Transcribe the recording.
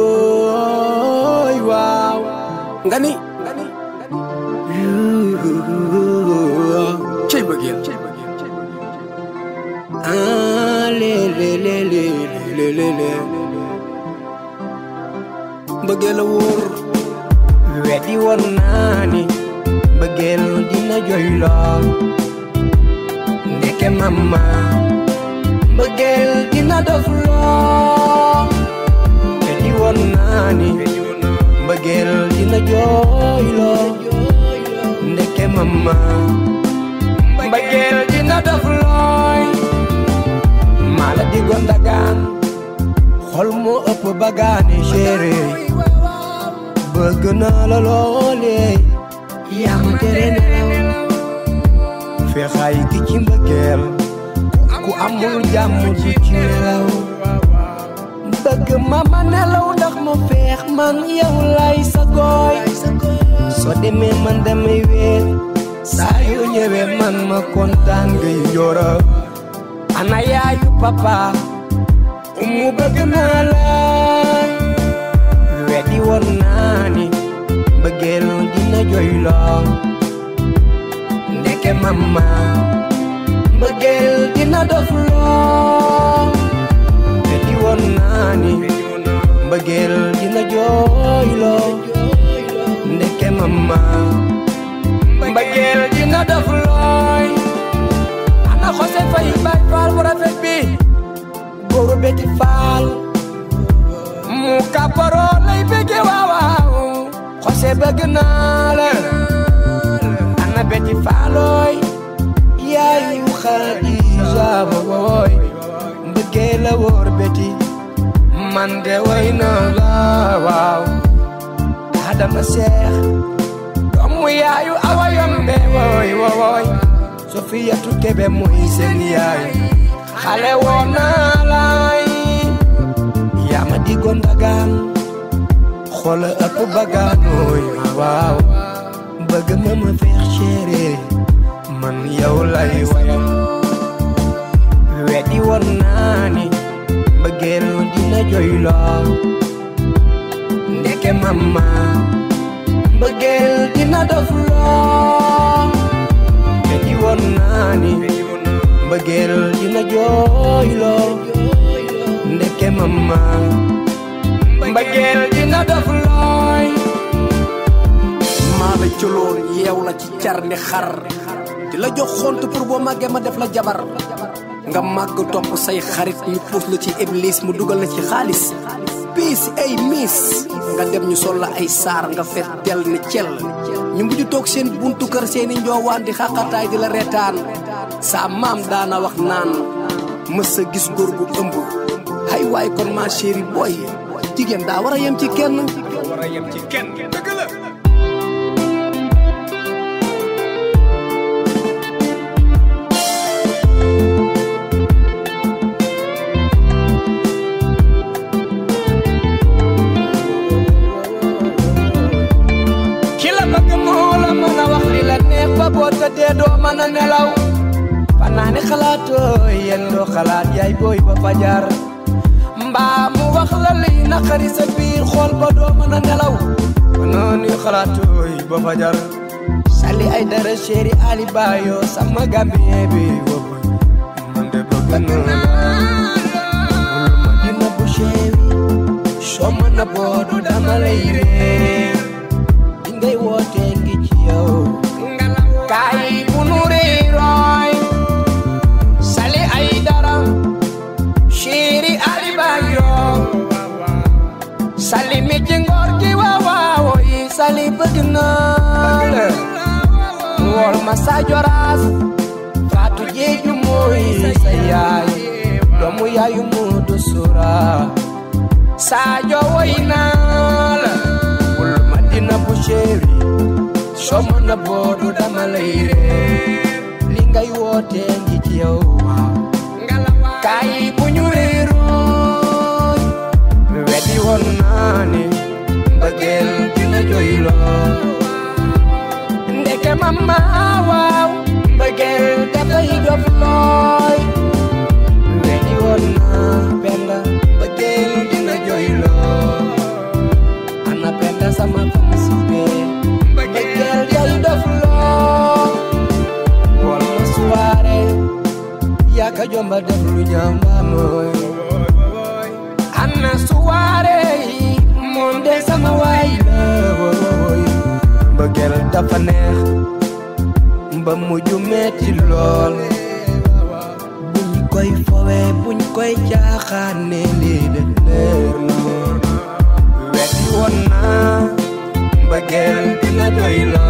oh, wow. Gani? Gani? Chay bagya. Ah, le le le le le le le. Bagel war. Wedi warnani. Bagel dina joyla. Neke mama. Bagel dina dofla naani mbëggeel dina jooyloo ndeke mama mbëggeel dina def looy maa la digoon dagaan xol bagani shere, bagaani chéri bëgg naa tere nelaw fexaay ki ci mbëggeel ku amul jàmm du ci nelaw bëgg mama nelaw ndax mu feex man yow lay sa gooy soo demee man damay weer saa yu ñëwee man ma kontaan ngay njoora ana yaayu papa umu bëgg naa la weddi woon naa ni bëggeelu dina joy loo ndeke mama bëggeel dina dof loo xam naa ni mbëggeel dina jooyloo ndeke mama mbëggeel dina def looy ana xose fay bay faal bu rafet bi góoru beti fal. mu kàpparoo lay bëgge waawaaw xose bëgg naa la ana beti faalooy yaayu xaadi jaaba wooy mbëggee la wóor beti Man mande way na la waaw adama seex doomu yaayu awa yombe woy woy sofiyatu kebe muy seen yaay xale woo naa laay yaa ma digoon dagaan xoola ëpp bagaan woy waaw bëgg ma ma feex man yow lay wayam weddi woon naa ni gero dina joylo ndeke mama Bagel dina dof loo fly, di woon naa bagel mbëggeel dina lo, ndeke mama Bagel dina dof looy maa la coloon yeew la ci charne xar di jox xontu pour bo magge ma def la jabar nga màgg topp say xarit ñu puus la ci iblis mu dugal na ci xaalis piis ay miis nga dem ñu sol la ay saar nga fet del ni cell ñu mujj toog seen buntu kër seeni njoowaan di xaqataay di la retaan saa maam daana wax naan mës sa gis góor gu ëmb hay waay kon ma chéri boy jigéen daa war a yem ci kenn dee doo mën nelaw fanaani khalaato yen do khalaat yay boy ba fajar mba mu wax la liy nakari sa bir xol ba do mën nelaw nelaw khalaato xalaatoo ba fajar sali ay dara sheri ali bayo sama gambien bi wo man de ba naa la ma dina bu chéri sali bëgg naa la wool ma sa joraas faatu jeeju mooy sa yaay doomu yaayu Moodu Sura Sadio woy naa la wul ma dina bu chéri soo mën a boodu dama lay réer li ngay wootee jomba de lunyamba moy Anna suware sama way boy bëggel dafa neex ba muju metti lool buñ koy fowe buñ koy de wetti dina doy